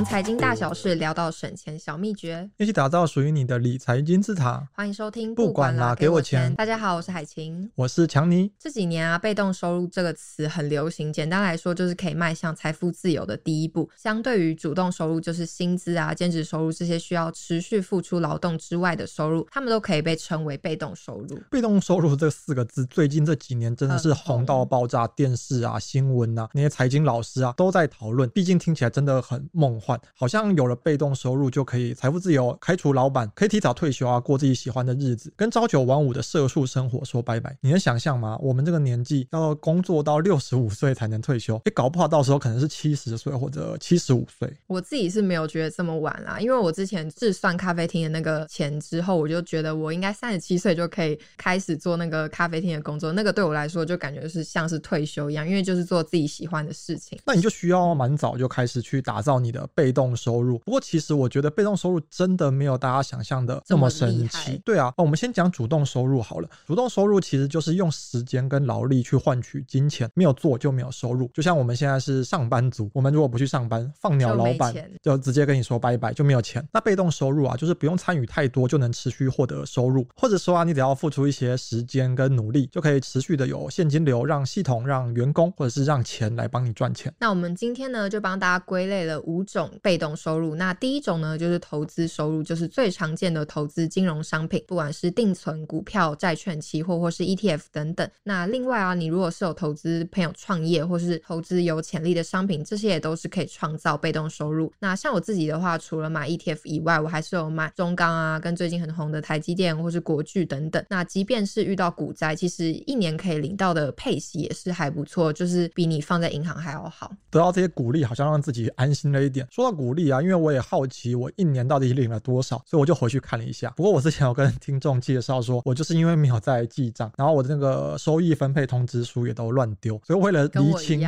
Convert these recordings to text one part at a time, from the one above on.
從財經大小事，聊到省錢小秘訣，一起打造屬於你的理財金字塔。歡迎收聽，不管啦，給我錢。大家好，我是海晴，我是強尼。這幾年啊，被動收入這個詞很流行。簡單來說，就是可以邁向財富自由的第一步。相對於主動收入，就是薪資啊、兼職收入這些需要持續付出勞動之外的收入，他們都可以被稱為被動收入。被動收入這四個字，最近這幾年真的是紅到爆炸。嗯、電視啊、新聞啊，那些財經老師啊，都在討論。畢竟聽起來真的很夢幻。好像有了被動收入就可以財富自由，開除老闆，可以提早退休啊，過自己喜歡的日子，跟朝九晚五的社畜生活說拜拜。你能想象嗎？我們這個年紀要工作到六十五歲才能退休，也、欸、搞不好到時候可能是七十歲或者七十五歲。我自己是沒有覺得這麼晚啦，因為我之前是算咖啡廳的那個錢之後，我就覺得我應該三十七歲就可以開始做那個咖啡廳的工作，那個對我來說就感覺就是像是退休一樣，因為就是做自己喜歡的事情。那你就需要蠻早就開始去打造你的。被動收入，不過其實我覺得被動收入真的沒有大家想象的這麼神奇。對啊，那我們先講主動收入好了。主動收入其實就是用時間跟勞力去換取金錢，沒有做就沒有收入。就像我們現在是上班族，我們如果不去上班，放鳥老板就直接跟你說拜拜，就沒有錢。就沒錢。那被動收入啊，就是不用參與太多就能持續獲得收入，或者說啊，你只要付出一些時間跟努力，就可以持續的有現金流，讓系統、讓員工或者是讓錢來幫你賺錢。那我們今天呢，就幫大家歸類了五種。被動收入，那第一種呢，就是投資收入，就是最常見的投資金融商品，不管是定存、股票、債券、期貨，或是 ETF 等等。那另外啊，你如果是有投資朋友創業，或是投資有潛力的商品，這些也都是可以創造被動收入。那像我自己的話，除了買 ETF 以外，我還是有買中鋼啊，跟最近很紅的台積電或是國巨等等。那即便是遇到股災，其實一年可以領到的配息也是還不錯，就是比你放在銀行還要好，好。得到這些鼓勵，好像讓自己安心了一點。說到股利啊，因為我也好奇我一年到底領了多少，所以我就回去看了一下。不過我之前有跟聽眾介紹說，我就是因為沒有在記賬，然後我的那個收益分配通知書也都亂丟，所以為了釐清，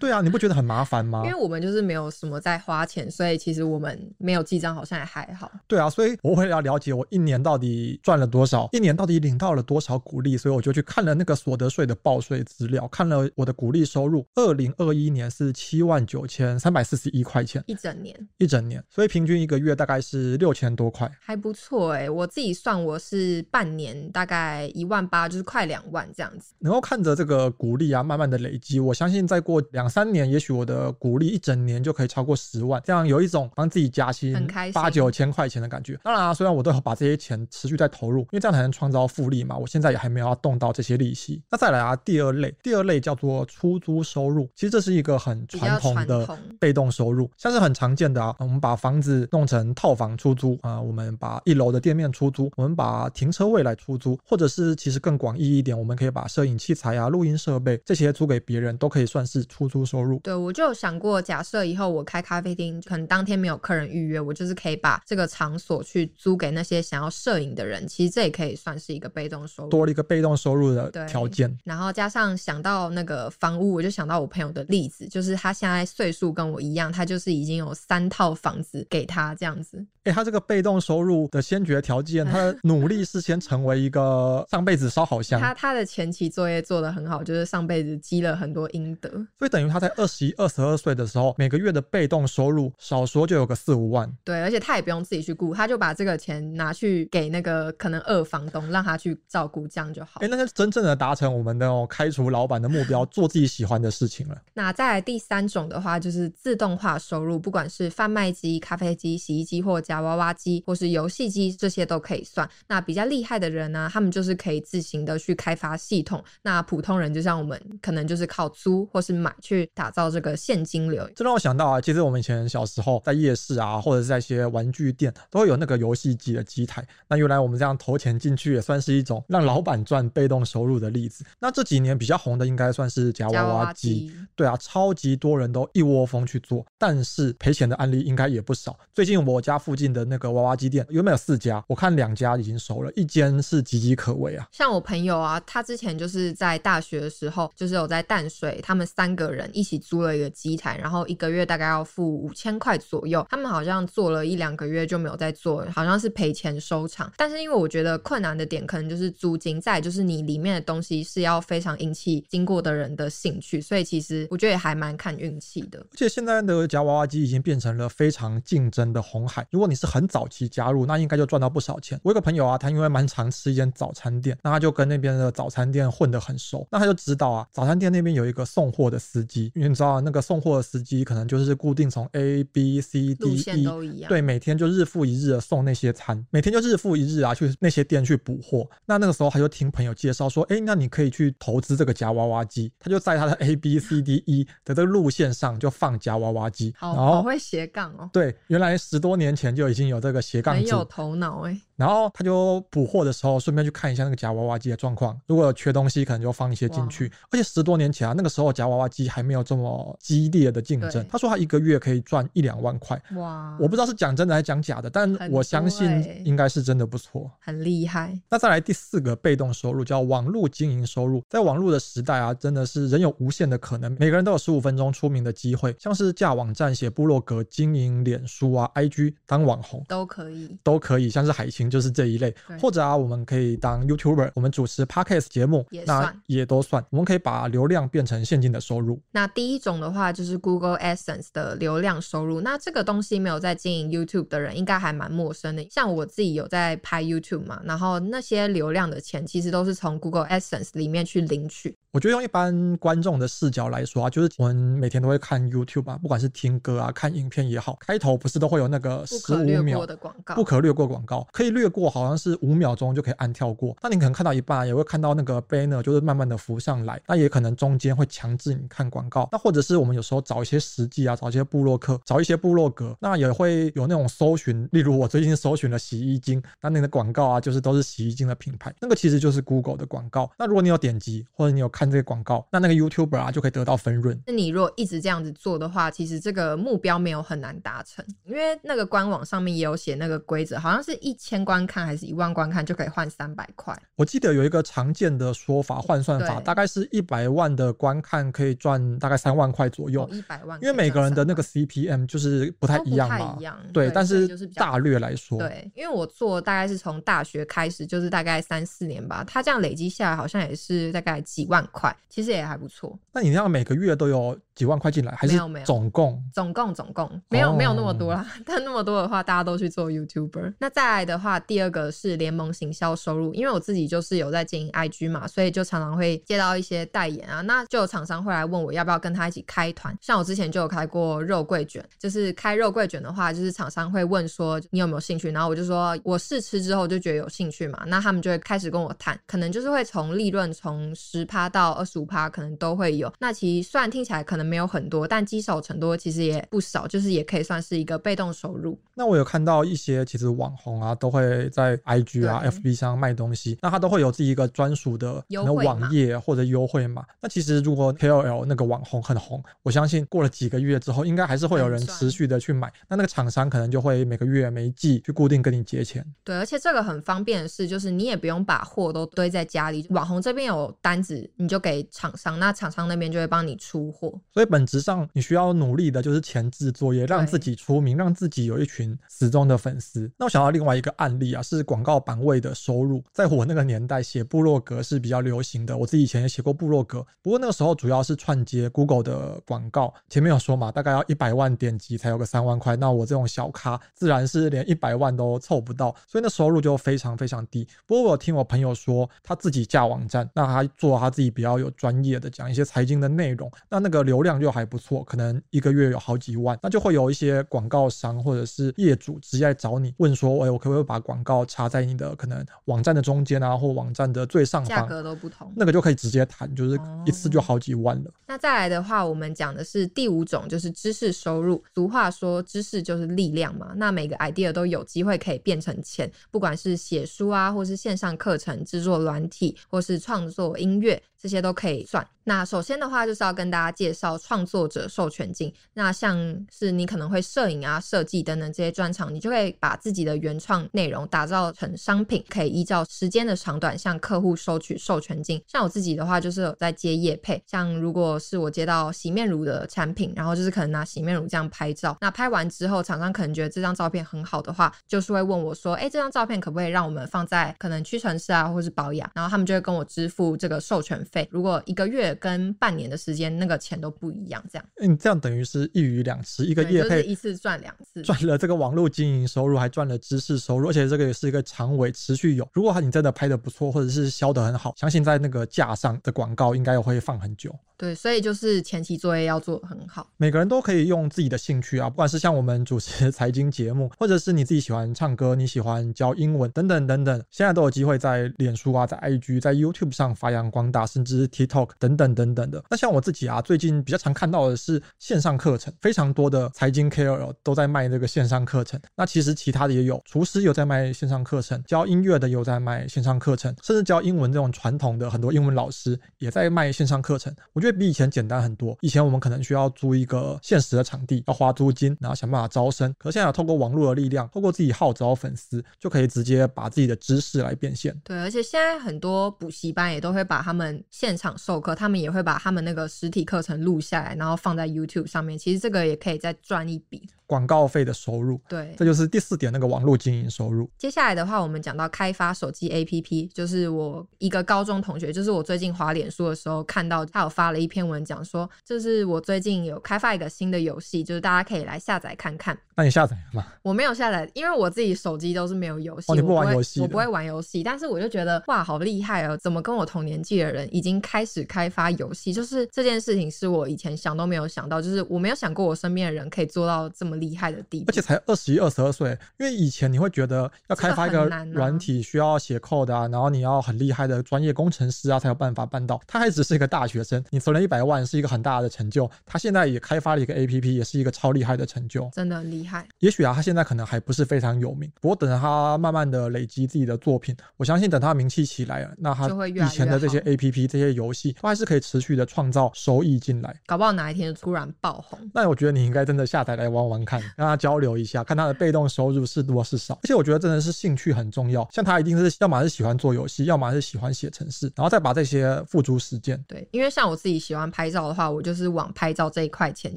對啊，你不覺得很麻煩嗎？因為我們就是沒有什麼在花錢，所以其實我們沒有記賬好像也還好。對啊，所以我為了要了解我一年到底賺了多少，一年到底領到了多少股利，所以我就去看了那個所得稅的報稅資料，看了我的股利收入，二零二一年是七萬九千三百四十一塊錢一整。年一整年，所以平均一個月大概是六千多塊，還不錯哎、欸。我自己算我是半年大概一萬八，就是快兩萬這樣子。能夠看着這個股利啊，慢慢的累積，我相信再過兩三年，也許我的股利一整年就可以超過十萬，這樣有一種幫自己加薪八九千塊錢的感覺。當然、啊，雖然我都要把這些錢持續在投入，因為這樣才能創造複利嘛。我現在也還沒有要動到這些利息。那再來啊，第二類，第二類叫做出租收入，其實這是一個很傳統的被動收入，統像是很。常見的啊，我們把房子弄成套房出租啊，我們把一樓的店面出租，我們把停車位來出租，或者是其實更廣義一點，我們可以把攝影器材啊、錄音設備這些租給別人，都可以算是出租收入。對，我就想過，假設以後我開咖啡廳，可能當天沒有客人預約，我就是可以把這個場所去租給那些想要攝影的人，其實這也可以算是一個被動收入，多了一個被動收入的條件。然後加上想到那個房屋，我就想到我朋友的例子，就是他現在歲數跟我一樣，他就是已經有。三套房子給他這樣子，哎、欸，他這個被動收入的先決條件，他的努力是先成為一個上輩子燒好香， 他他的前期作業做得很好，就是上輩子積了很多陰德，所以等於他在二十一、二十二歲的時候，每個月的被動收入少說就有個四五萬，對，而且他也不用自己去顧，他就把這個錢拿去給那個可能二房東，讓他去照顧，這樣就好。哎、欸，那是真正的達成我們那種開除老板的目標，做自己喜歡的事情了。 那再來第三種的話，就是自動化收入，不管。不管是販賣機、咖啡機、洗衣機、或夾娃娃機、或是遊戲機，這些都可以算。那比較厲害的人呢、啊，他們就是可以自行的去開發系統。那普通人就像我們，可能就是靠租或是買去打造這個現金流。這讓我想到啊，其實我們以前小時候在夜市啊，或者是在一些玩具店，都有那個遊戲機的機台。那原來我們這樣投錢進去，也算是一種讓老闆賺被動收入的例子。那這幾年比較紅的，應該算是夾娃娃機。娃娃對啊，超級多人都一窩蜂去做，但是。賠錢的案例應該也不少。最近我家附近的那個娃娃機店有沒有四家，我看兩家已經收了，一間是岌岌可危啊。像我朋友啊，他之前就是在大學的時候，就是有在淡水，他們三個人一起租了一個機台，然後一個月大概要付五千塊左右。他們好像做了一兩個月就沒有再做，好像是賠錢收場。但是因為我覺得困難的點可能就是租金，再就是你裡面的東西是要非常引起經過的人的興趣，所以其實我覺得也還蠻看運氣的。而且現在的夾娃娃機已經變成了非常競爭的紅海。如果你是很早期加入，那應該就賺到不少錢。我有個朋友啊，他因為蠻常吃一間早餐店，那他就跟那邊的早餐店混得很熟。那他就知道啊，早餐店那邊有一個送貨的司機，因為你知道啊，那個送貨的司機可能就是固定從 A B C D E 路線都一樣，對，每天就日復一日的送那些餐，每天就日復一日啊去那些店去補貨。那那個時候他就聽朋友介紹說，哎、欸，那你可以去投資這個夾娃娃機，他就在他的 A B C D E 的這個路線上就放夾娃娃機，好然後。會斜槓哦，對，原來十多年前就已經有這個斜槓，很有頭腦哎。然後他就補貨的時候，順便去看一下那個夾娃娃機的狀況。如果有缺東西，可能就放一些進去。哇而且十多年前啊，那個時候夾娃娃機還沒有這麼激烈的競爭。對他說他一個月可以賺一兩萬塊。哇！我不知道是講真的還是講假的，但我相信應該是真的不錯。很，欸、很厲害。那再來第四個被動收入，叫網絡經營收入。在網絡的時代啊，真的是人有無限的可能。每個人都有十五分鐘出名的機會，像是架網站、寫部落格、經營臉書啊、IG 當網紅都可以，都可以。像是海晴。就是這一類，對或者啊，我們可以當 YouTuber，我們主持 podcast 節目，也算那也都算。我們可以把流量變成現金的收入。那第一種的話，就是 Google AdSense 的流量收入。那這個東西沒有在經營 YouTube 的人，應該還蠻陌生的。像我自己有在拍 YouTube 嘛，然後那些流量的錢，其實都是從 Google AdSense 裡面去領取。我覺得用一般觀眾的視角來說啊，就是我們每天都會看 YouTube，、啊、不管是聽歌啊、看影片也好，開頭不是都會有那個十五秒的廣告，不可略過廣告，告，可以略。越過好像是五秒鐘就可以按跳過，那你可能看到一半、啊、也會看到那個 banner，就是慢慢的浮上來，那也可能中間會強制你看廣告，那或者是我們有時候找一些實際啊，找一些部落客，找一些部落格，那也會有那種搜尋，例如我最近搜尋了洗衣精，那你的廣告啊就是都是洗衣精的品牌，那個其實就是 Google 的廣告。那如果你有點擊或者你有看這個廣告，那那個 YouTuber 啊就可以得到分潤。那你若一直這樣子做的話，其實這個目標沒有很難達成，因為那個官網上面也有寫那個規則，好像是一千。觀看還是一萬觀看就可以換三百塊。我記得有一個常見的說法，換算法，哦、大概是一百萬的觀看可以賺大概三萬塊左右。一百、哦、萬，萬，因為每個人的那個 CPM 就是不太一樣嘛。樣，對，對但是大略來說，對，對，就是、對，因為我做大概是從大學開始，就是大概三四年吧，他這樣累積下來好像也是大概幾萬塊，其實也還不錯。那你這樣每個月都有？幾萬塊進來還是，沒有沒有，總共總共總共，沒有沒有那麼多啦。Oh. 但那麼多的話，大家都去做 YouTuber。那再來的話，第二個是聯盟行銷收入，因為我自己就是有在經營 IG 嘛，所以就常常會接到一些代言啊。那就有廠商會來問我要不要跟他一起開團。像我之前就有開過肉桂卷，就是開肉桂卷的話，就是廠商會問說你有沒有興趣，然後我就說我試吃之後就覺得有興趣嘛，那他們就會開始跟我談，可能就是會從利潤從十趴到二十五趴，可能都會有。那其實雖然聽起來可能。沒有很多，但積少成多，其實也不少，就是也可以算是一個被動收入。那我有看到一些，其實網紅啊都會在 IG 啊、對 FB 上賣東西，那他都會有自己一個專屬的網頁或者優惠嘛。惠嘛，那其實如果 KOL 那個網紅很紅，我相信過了幾個月之後，應該還是會有人持續的去買。那那個廠商可能就會每個月每季去固定跟你結錢。對，而且這個很方便的是，就是你也不用把貨都堆在家裡，網紅這邊有單子，你就給廠商，那廠商那邊就會幫你出貨。所以本質上你需要努力的就是前置作業，讓自己出名，讓自己有一群死忠的粉絲。那我想到另外一個案例啊，是廣告版位的收入。在我那個年代，寫部落格是比較流行的，我自己以前也寫過部落格。不過那個時候主要是串接 Google 的廣告。前面有說嘛，大概要一百萬點擊才有個三萬塊。那我這種小咖自然是連一百萬都湊不到，所以那收入就非常非常低。不過我有聽我朋友說，他自己架網站，那他做他自己比較有專業的，講一些財經的內容，那那個流。流量就還不錯，可能一個月有好幾萬，那就會有一些廣告商，或者是業主直接來找你問說：“誒、欸，我可不可以把廣告插在你的可能網站的中間啊，或網站的最上方？”價格都不同，那個就可以直接談，就是一次就好幾萬了。哦、那再來的話，我們講的是第五種，就是知識收入。俗話說：“知識就是力量嘛。”那每個 idea 都有機會可以變成錢，不管是寫書啊，或是線上課程、制作軟體，或是創作音樂，這些都可以算。那首先的話就是要跟大家介紹創作者授權金。那像是你可能會攝影啊、設計等等這些專長，你就會把自己的原創內容打造成商品，可以依照時間的長短向客戶收取授權金。像我自己的話，就是有在接業配。像如果是我接到洗面乳的產品，然後就是可能拿洗面乳這樣拍照。那拍完之後，廠商可能覺得這張照片很好的話，就是會問我說：“誒，這張照片可不可以讓我們放在可能屈臣氏啊，或是寶雅？”然後他們就會跟我支付這個授權費。如果一個月跟半年的時間那個錢都不一樣，這樣。嗯、欸，這樣等於是一魚兩吃，一個業配、就是、一次賺兩次，賺了這個網絡經營收入，還賺了知識收入，而且這個也是一個長尾持續有。如果他你真的拍得不錯，或者是銷得很好，相信在那個架上的廣告應該會放很久。對，所以就是前期作業要做很好。每個人都可以用自己的興趣啊，不管是像我們主持財經節目，或者是你自己喜歡唱歌，你喜歡教英文等等等等，現在都有機會在臉書啊，在 IG，在 YouTube 上發揚光大，甚至 TikTok 等等等等的。那像我自己啊，最近比較常看到的是線上課程，非常多的財經 KOL 都在賣這個線上課程。那其實其他的也有，廚師有在賣線上課程，教音樂的有在賣線上課程，甚至教英文這種傳統的很多英文老師也在賣線上課程。我覺得。比以前簡單很多。以前我們可能需要租一個現實的場地，要花租金，然後想辦法招生。可是現在有通過網絡的力量，通過自己號召粉絲，就可以直接把自己的知識來變現。對，而且現在很多補習班也都會把他們現場授課，他們也會把他們那個實體課程錄下來，然後放在 YouTube 上面。其實這個也可以再賺一筆。廣告費的收入，對，這就是第四點那個網絡經營收入。接下來的話，我們講到開發手機 APP，就是我一個高中同學，就是我最近滑臉書的時候看到他有發了一篇文，講說就是我最近有開發一個新的遊戲，就是大家可以來下載看看。那你下載了嗎？我沒有下載，因為我自己手機都是沒有遊戲、哦。你不玩遊戲？我不會玩遊戲，但是我就覺得哇，好厲害哦！怎麼跟我同年紀的人已經開始開發遊戲？就是這件事情是我以前想都沒有想到，就是我沒有想過我身邊的人可以做到這麼厲害的地，而且才二十一、二十二歲，因為以前你會覺得要開發一個軟體需要寫 code 啊，啊然後你要很厲害的專業工程師啊，才有辦法辦到。他還只是一個大學生，你存了一百萬是一個很大的成就。他現在也開發了一個 APP，也是一個超厲害的成就，真的厲害。也許啊，他現在可能還不是非常有名，不過等他慢慢的累積自己的作品，我相信等他名氣起來了，那他以前的這些 APP、這些遊戲，他還是可以持續的創造收益進來。搞不好哪一天突然爆紅，那我覺得你應該真的下載來玩玩看。看，跟他交流一下，看他的被動收入是多是少。而且我覺得真的是興趣很重要，像他一定是要麼是喜歡做遊戲，要麼是喜歡寫程式，然後再把這些付諸實踐。對，因為像我自己喜歡拍照的話，我就是往拍照這一塊前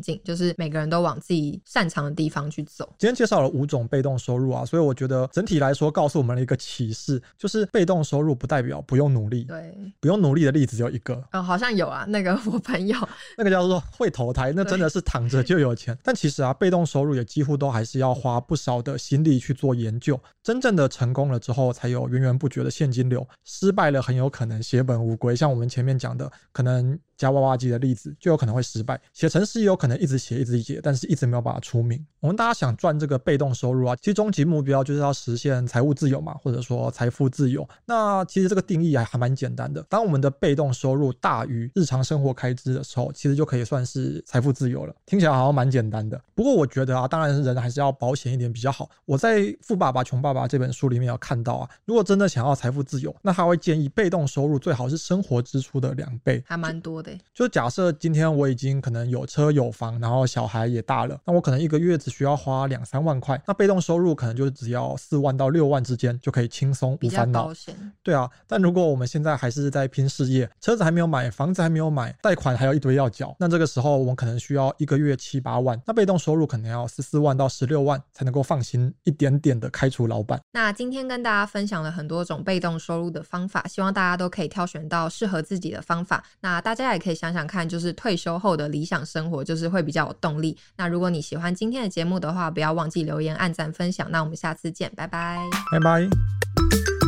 進，就是每個人都往自己擅長的地方去走。今天介紹了五種被動收入啊，所以我覺得整體來說告訴我們了一個啟示，就是被動收入不代表不用努力。對，不用努力的例子只有一個。嗯，好像有啊，那個我朋友，那個叫做會投胎，那真的是躺着就有錢。對但其實啊，被動收入收入也幾乎都還是要花不少的心力去做研究，真正的成功了之後才有源源不絕的現金流，失敗了很有可能血本無歸。像我們前面講的，可能夾娃娃機的例子就有可能會失敗，寫程式也有可能一直寫一直寫，但是一直沒有把它出名。我們大家想賺這個被動收入啊，其實終極目標就是要實現財務自由嘛，或者說財富自由。那其實這個定義還還蠻簡單的，當我們的被動收入大於日常生活開支的時候，其實就可以算是財富自由了。聽起來好像蠻簡單的，不過我覺得。啊，當然是人還是要保險一點比較好。我在《富爸爸窮爸爸》這本書裡面有看到啊，如果真的想要財富自由，那他會建議被動收入最好是生活支出的兩倍，還蠻多的。就假設今天我已經可能有車有房，然後小孩也大了，那我可能一個月只需要花兩三萬塊，那被動收入可能就只要四萬到六萬之間就可以輕鬆無煩惱，比較保險。對啊，但如果我們現在還是在拼事業，車子還沒有買，房子還沒有買，貸款還有一堆要繳，那這個時候我們可能需要一個月七八萬，那被動收入可能要。要十四萬到十六萬才能夠放心一點點的開除老闆。那今天跟大家分享了很多種被動收入的方法，希望大家都可以挑選到適合自己的方法。那大家也可以想想看，就是退休後的理想生活，就是會比較有動力。那如果你喜歡今天的節目的話，不要忘記留言、按讚、分享。那我們下次見，拜拜，拜拜。